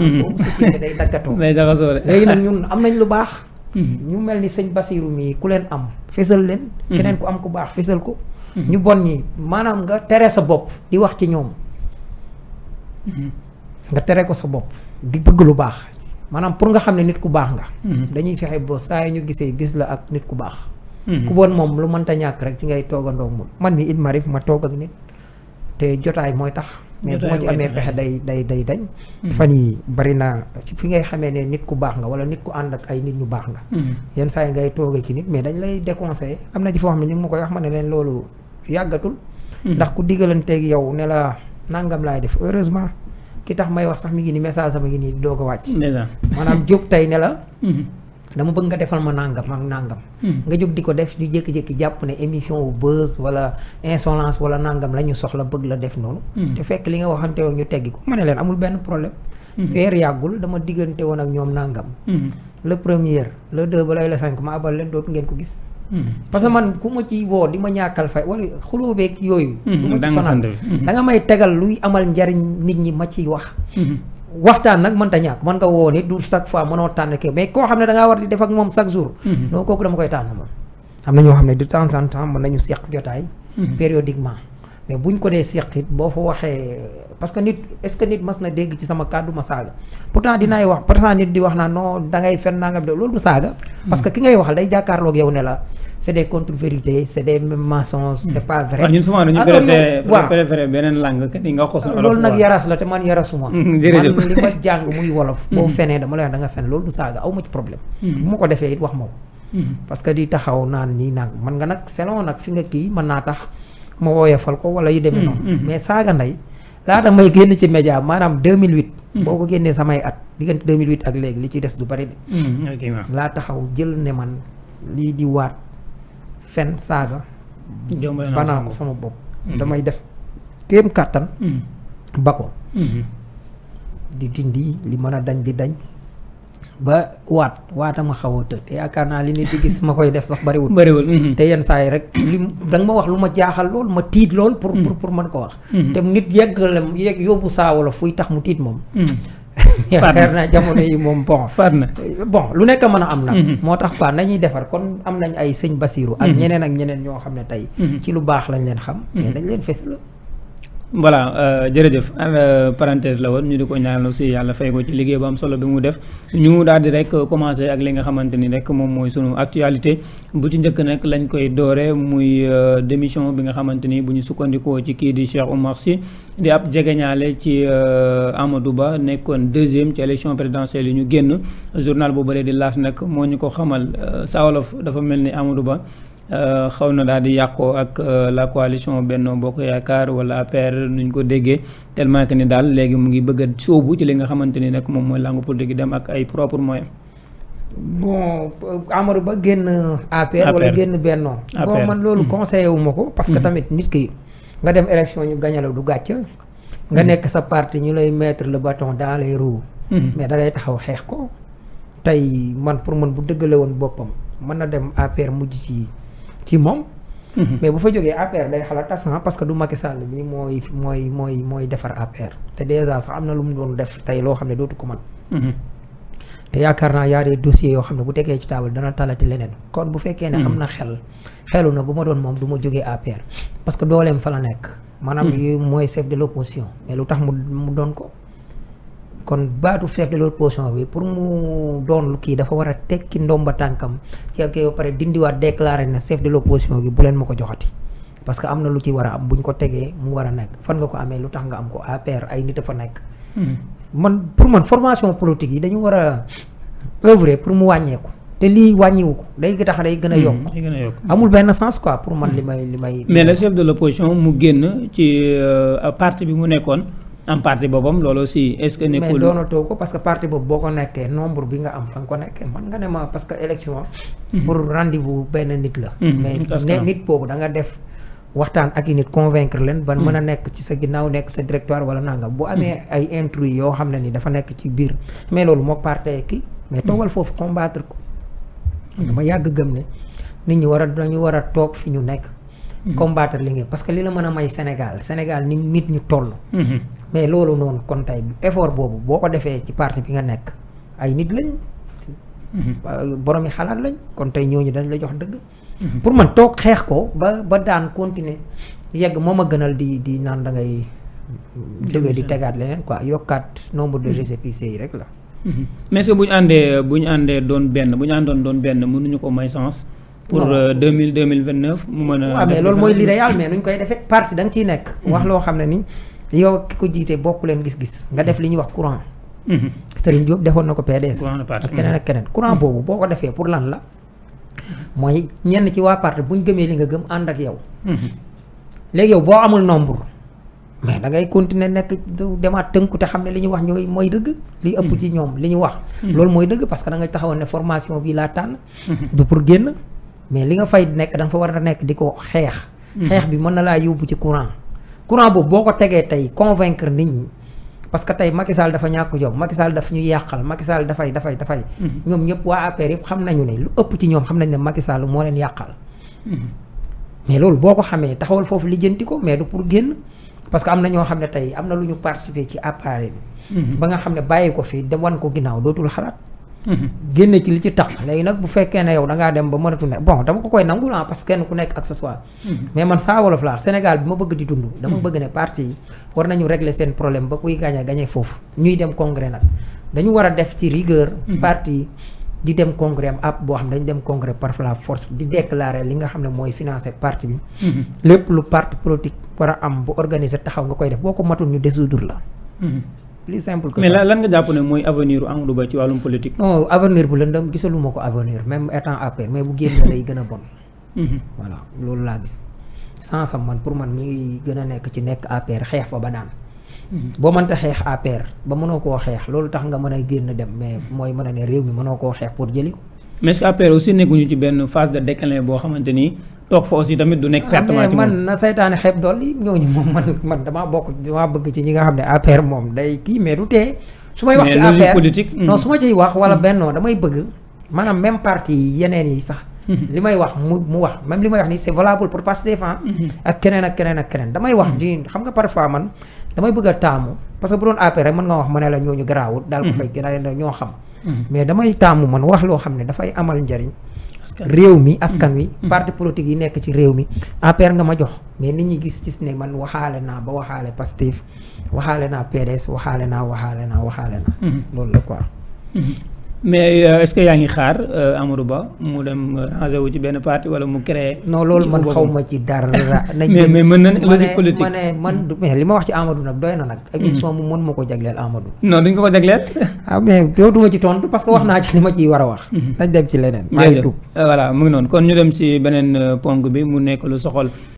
Mm-hmm. boobu société day daggatoo day daggatoo léegi nag ñun am nañ lu baax mm-hmm. ñu mel ni sëñ Basiiru mii ku leen am fésal leen mm-hmm. keneen ku am ku baax fésal ko ñu bon ñi maanaam nga tere sa bopp di wax ci ñoom nga tere ko sa bopp di bëgg lu baax maanaam pour nga xam ne nit ku baax nga dañuy fexe boo saa yi ñu gisee gis la ak nit ku baax ku bon moom lu mënta ñàkk rek ci ngay toogandoo moom man mi it marif ma toog ak nit te jotaay mooy tax mais bu ma ci amee pexe day day day dañ hmm. fan yi bari naa ci fi ngay xamee ne nit ku baax nga wala nit ku ànd ak ay nit ñu baax nga hmm. yenn saa yi ngay toogee ci nit mais dañ lay déconseillé am na ci foo xam ne ñu ngi ma koy wax ne loolu yàggatul hmm. ndax ku diggalanteeg yow ne la nangam laay def heureusement ki tax may wax sax mi ngi ni message sama ngi nii di doog a wàcc maanaam jóg tey ne la dama bëgg nga defal ma nangam ak nangam. Hmm. nga jóg di ko def ñu jékki-jékki jàpp ne émission wu buzz wala insolence wala nangam la ñu soxla bëgg la def noonu. Hmm. te fekk li nga waxante woon ñu teggi ko ma ne leen amul benn problème. Hmm. weer yàggul dama diggante woon ak ñoom nangam. le premier le deux ba lay la cinq ma abal leen dootu ngeen ko gis. parce que man ku ma ci woo di ma ñàkkal fay wala xuloo beeg yooyu. du ma ci da nga may tegal luy amal njariñ nit ñi ma ciy wax. waxtaan nag mënta ñàkk mën nga woo nit du chaque fois mënoo tànn kii mais koo xam ne da ngaa war di def ak moom chaque jour. Mhm. non kooku dama koy tànn moom. am na ñoo xam ne de temps en temps mën nañu seq jotaay. Mhm. périodiquement. mais buñ ko dee seq boo fa waxee parce que nit est-ce que nit mas na dégg ci sama kàddu ma saaga pourtant dinaay wax hmm. parce que ki ngay wax day jàkkaarloog yow ne la c'est des contre-vérités c'est des maçons c'est hmm. pas vrai. waaw ñun souvent dañu ah, préféré préféré beneen langue ah, loolu nag yaras la te man yarasuma. jërëjëf li ma jàng muy wolof. Hmm. boo fenee dama lay wax da nga fen loolu du saaga aw ma ci problème. bu ma ko defee it wax ma parce que di taxaw naan nii nag mën ma fal ko wala yu demee mm, noonu mm. mais saaga ndey laata may génn ci média maanaam 2008. Mm. boo ko génnee samay at diggante 2008 ak léegi li ci des du bari de. laa taxaw jël ne man lii di waat fen saaga. banaa ko sama bopp. Mm-hmm. damay def kéem kàttan. ba ko. Mm-hmm. di dindi li mën a dañ di dañ. ba waat waatama xaw a të te yaakaar naa li nit di gis ma koy def sax bariwul bariwul mhm. te yenn saa yi rek li da nga ma wax lu ma jaaxal lool ma tiit lool pour pour mhm. mën ko wax mhm. te nit yeggale yegg yóbbu saawala fuy tax mu tiit moom yaakaar naa jamono yi moom bon bon lu nekk mën a am nag moo tax quoi nañuy defar kon am nañ ay sëñ Basiiru ak ñeneen ak ñeneen ñoo xam ne tey ci lu baax lañ leen xam mais dañ leen fës la voilà euh, jërëjëf euh, parenthèse la woon ñu di ko ñaanal aussi yàlla fay ko ci liggéey bu am solo bi mu def ñu daal di rek commencé ak li nga xamante ni rek moom mooy sunu actualité bu ci njëkk nag lañ koy doore muy euh, démission bi nga xamante ni bu ñu sukkandikoo ci kii di Cheikh Oumar Sy di ab jegeñaale ci Amadou Ba nekkoon deuxième ci élection présidentielle yi ñu génn journal bu bëree di laas nag moo ñu ko xamal Saa Wolof dafa mel ni Amadou Ba. Euh, xaw na daal di yàqoo ak euh, la coalition Benno Bokk Yaakaar wala APR nuñ ko déggee tellement que ni daal léegi mu ngi bëgg a sóobu ci li nga xamante ni nag moom mooy langue politique dem ak ay propre moyen bon Amadou Ba génn APR wala génn Benno bon man loolu mm-hmm. conseillé wuma ko parce que mm-hmm. tamit nit ki nga dem élection ñu gañala du gàcc nga mm-hmm. nekk sa parti ñu lay mettre le bâton dans les roues mais da ngay taxaw xeex ko tey man pour man bu dëggale woon boppam mën na dem APR mujj ci ci moom. Mhm. mais bu fa jógee APR day xalaat tas parce que du Macky Sall bi mooy mooy mooy mooy defar APR te dèjà sax am na lu mu doon def tey loo xam ne dootu ko man mhm. te yaakaar naa yaa des dossiers yoo xam ne bu tegee ci taabal dana talati leneen kon bu fekkee ne mhm. am na xel xelu na bu ma doon moom du ma jógee APR parce que dooleem fa la nekk. maanaam mooy chef de l' mais lu tax mu mu doon ko. kon baatu chef de l'opposition bi pour mu doon lu kii dafa war a tekki ndomba tànkam ci ak ba pare dindiwaat déclaré na chef de l'opposition bi bu leen ma ko joxati parce que am na lu ci war a am buñ ko tegee mu war a nekk fan nga ko amee lu tax nga am ko APR ay nit a fa nekk. Hmm. man pour man formation politique yi dañu war a œuvrer pour mu wàññeeku. te lii wàññiwu ko day tax hmm. day gën a yokk amul benn sens quoi pour man hmm. li may li may mais le chef de l'opposition mu génn ci euh, parti bi mu nekkoon am parti boppam loolu aussi est-ce que. nekkul mais doonatoo ko parce boobu boo ko nekkee nombre bi nga am fa nga ko nekkee man nga ne ma parce que élection. Mhm. pour rendez-vous benn mhm, da nga def. waxtaan ak i nit convaincre leen ba mhm. a nekk ci sa ginnaaw nekk sa directoire wala nangam yoo ni dafa nekk ci biir mais loolu moo partee ki mais toogal foofu yàgg gëm ne nit ñi war a dañu war a toog fi ñu nekk Mm-hmm. combattre li nga parce que li la mën a may Sénégal Sénégal ni nit ñu toll. Mm-hmm. mais loolu noonu kon tey effort boobu boo ko defee ci parti bi nga nekk ay nit lañ. Mm-hmm. borom yi xalaat lañ kon tey ñooñu dañ la jox dëgg. pour man toog xeex ko ba ba daan continuer yegg moom a gënal di di naan dangay ngay. jóge di tegaat leneen quoi yokkaat nombre de récépissés yi rek la. mais est àndee bu ñu àndee doon benn bu ñu àndoon doon benn mënuñu ko may sens. pour euh, deux mille deux mille vingt neuf mu mën a. mais loolu mooy l'idéal mais nuñ koy defee parti da nga nekk. Mm-hmm. wax loo xam ne ni yow ki ko jiite bokk leen gis-gis nga def li ñu wax courant. Mm-hmm. Serigne Diop defoon na ko PDS. ak keneen ak keneen courant mm-hmm. boobu boo ko defee pour lan la. mooy ñenn ci waa parti buñ gëmee li nga gëm ànd ak yow. léegi yow boo amul nombre. mais da ngay continuer nekk demaat tënku te xam ne li ñu wax ñooy mooy dëgg. li ëpp ci ñoom li ñu wax. loolu mooy dëgg parce que da nga taxawoon ne formation bi laa tànn. du mais li nga fay nekk da fa war a nekk di ko xeex. Mhm. xeex bi mën na laa yóbbu ci courant. courant boobu boo ko tegee tey convaincre nit ñi parce que tey Macky dafa ñàkk jom Macky daf ñu yàqal Macky dafay dafay dafay. Mhm. ñoom ñëpp waa APR yëpp xam nañu ne lu ëpp ci ñoom xam nañ ne Macky Sall moo leen yàqal. Mhm. mais loolu boo ko xamee taxawal foofu lijjanti ko mais du pour génn parce que am na ñoo xam ne tey am na lu ñu participer ci appareil bi. ba nga xam ne bàyyi ko fii dem wan ko ginnaaw dootul xalaat. Mhm. génne ci li ci tax léegi nag bu fekkee ne yow da ngaa dem ba mënatu ne bon dama ko koy nangul ah parce que kenn ku nekk accessoire mhm. mais man saa wolof laa Sénégal bi ma bëgg di dundu dama mhm. bëgg ne parti yi war nañu régler seen problème ba kuy gagné gagné foofu ñuy dem congrès nag dañu war a def ci rigueur parti yi di dem congrès am ab boo xam ne dañu dem congrès par force di déclarer li nga xam ne mooy financer parti bi lépp lu parti politique war a am bu organiser taxaw nga koy def boo ko matul ñu dissoudre la plus simple que ça. mais lan nga jàpp ne mooy avenir Amadou Ba ci wàllum politique. non avenir bu lëndëm gisaluma ko avenir même étant APR mais bu génn lay gën a bon. Mhm. voilà loolu laa gis. sansam man pour man mi ngi gën a nekk ci nekk APR xeex fa ba daan. Mhm. boo mënta xeex APR ba mënoo koo xeex loolu tax nga mën a génn dem mais mooy mën a ne réew mi mënoo koo xeex pour jëli ko. mais est-ce que APR aussi ci benn phase de déclin boo xamante ni toog fa aussi tamit du nekk ah, perte ci man na saytaane xeeb dolli ñooñu moom man man damaa bokk damaa bëgg ci ñi nga xam ne APR moom day kii mais du tee su may wax ci APR politique non hmm. su ma ciy wax wala hmm. bennoo damay bëgg maanaam même parti yi yeneen yi sax hmm. li may wax mu mu wax même li may wax ni c'est valable pour Pastef ak keneen ak keneen ak keneen damay wax ji xam nga parfois man damay bëgg a taamu parce que bu doon APR rek mën nga wax ma ne la ñooñu garaawul daal ko fay a ñoo xam mais damay taamu man wax loo xam ne dafay amal njariñ réew mi askan wi. Mm-hmm. parti politique yi nekk ci réew mi. APR nga ma jox mais nit ñi gis gis ne man waxaale naa ba waxaale Pastef waxaale naa PDS waxaale naa waxaale naa waxaale naa. Mm-hmm. loolu la quoi. Mm-hmm. mais euh, est yaa ngi xaar euh, Amadou Ba mu dem rangé wu ci benn parti wala mu créé. non loolu man xaw ma ci dara. mais mais mën na logique politique ma man mais li ma wax ci Amadou nag doy na nag. ak émission mu mën ma ko jagleel Amadou. non duñ ko ko jagleel. ah mais yow ci tontu parce que wax naa ci li ma ciy war a wax. dañ hmm. dem ci leneen. maa ngi euh, voilà mu ngi noonu kon ñu dem ci beneen ponk bi mu nekk lu soxol